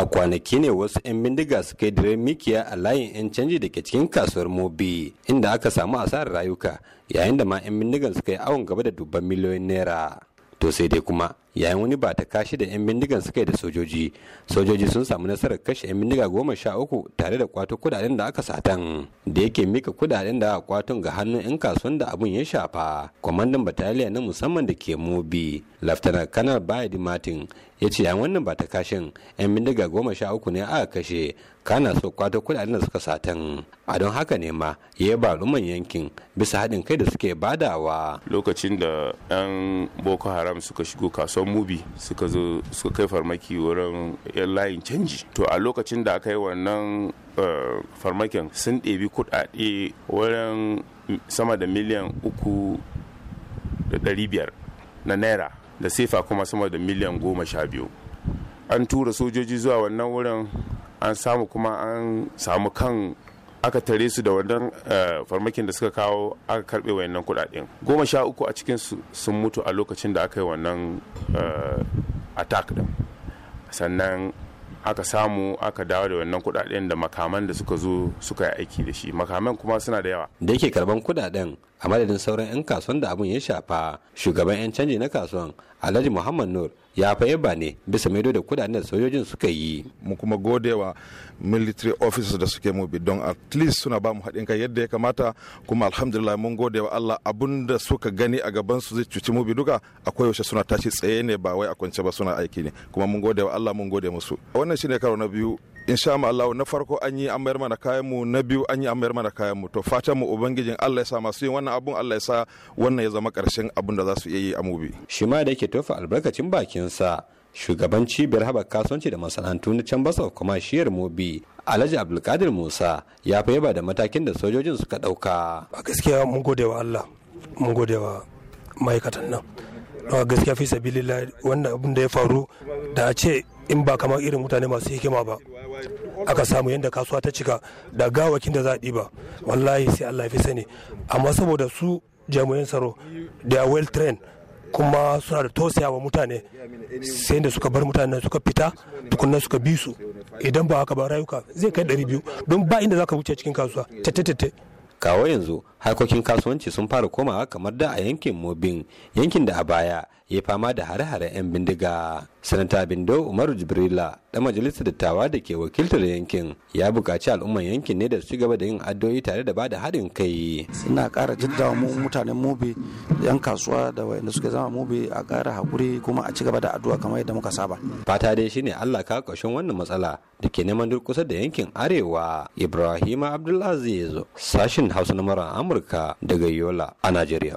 a kwanaki ne wasu 'yan bindiga suka yi dare mikiya a layin 'yan canji da ke cikin kasuwar mobi inda aka samu asarar rayuka yayin da ma 'yan bindigan suka yi awon gaba da dubban miliyoyin naira to sai dai kuma yayin wani ba ta kashi da 'yan bindigan suka yi da sojoji sojoji sun samu nasarar kashe 'yan bindiga goma sha uku tare da kwato kudaden da aka satan da yake mika kudaden da aka kwaton ga hannun 'yan kasuwan da abun ya shafa kwamandan bataliya na musamman da ke mobi laftanar kanar bayadi martin ya ce yayin wannan ba ta kashin 'yan bindiga goma sha uku ne aka kashe kana so kwato kudaden da suka satan a don haka ne ma ya ba ruman yankin bisa haɗin kai da suke badawa lokacin da 'yan boko haram suka shigo kasuwan mubi suka zo suka kai farmaki wurin yan layin canji to a lokacin da aka yi wannan eh, farmakin sun ɗebi kuɗaɗe wurin sama da miliyan uku da ɗari biyar na naira da sefa kuma sama da miliyan goma sha biyu an tura sojoji zuwa wannan wurin an samu kuma an samu kan aka tare su da wannan eh, farmakin da suka kawo aka karbe wayannan kudaden goma sha uku a cikin su sun mutu a lokacin da aka yi wannan eh, attack din sannan aka samu aka dawo da wannan kudaden da makaman da suka zo suka yi aiki da shi makaman kuma suna da yawa da yake karban kudaden a madadin sauran 'yan kasuwan da abun ya shafa shugaban 'yan canji na kasuwan alhaji muhammad nur ya fa ba ne bisa maido da kudaden da sojojin suka yi mu kuma godewa military officers da suke mu bi don at least suna ba mu haɗin kai yadda ya kamata kuma alhamdulillah mun gode wa Allah abun da suka gani a gaban su zai cuci mu bi duka akwai yaushe suna tashi tsaye ne ba wai a kwance ba suna aiki ne kuma mun gode wa Allah mun gode musu wannan shine karo na biyu insha Allah na farko an yi an mayar mana kayan mu na biyu an yi an mayar mana kayan mu to fatan mu ubangijin Allah ya sa masu yin wannan abun Allah ya sa wannan ya zama karshen abun da za su iya yi a mubi shi ma da yake tofa albarkacin bakin sa shugaban cibiyar haɓar kasuwanci da masana'antu na can basa kuma shiyar mobi alhaji abdulkadir musa ya fi yaba da matakin da sojojin suka ɗauka a gaskiya mun gode wa allah mun gode wa ma'aikatan nan a gaskiya fi sabilillah wanda abin da ya faru da a ce in ba kamar irin mutane masu hikima ba aka samu yadda kasuwa ta cika da gawakin da za a ɗiba wallahi sai allah fi sani amma saboda su jami'an tsaro they are well trained kuma suna da tausaya wa mutane sai da suka bar mutane suka fita tukunna suka bi su idan ba haka ba rayuka zai kai ɗari biyu don ba inda za ka wuce cikin kasuwa tattatate kawo yanzu harkokin kasuwanci sun fara komawa kamar da a yankin mobin yankin da a baya ya fama da hare-hare 'yan bindiga sanata bindo umaru jibrila da majalisar dattawa da ke wakiltar yankin ya buƙaci al'umman yankin ne da su gaba da yin addu'o'i tare da bada haɗin kai suna ƙara jaddawa mu mutanen mobi yan kasuwa da wanda suke zama mobi a ƙara hakuri kuma a ci gaba da addu'a kamar yadda muka saba fata dai shine allah ka ƙarshen wannan matsala da ke neman kusa da yankin arewa ibrahima abdulaziz sashin hausa na mara amurka daga yola a najeriya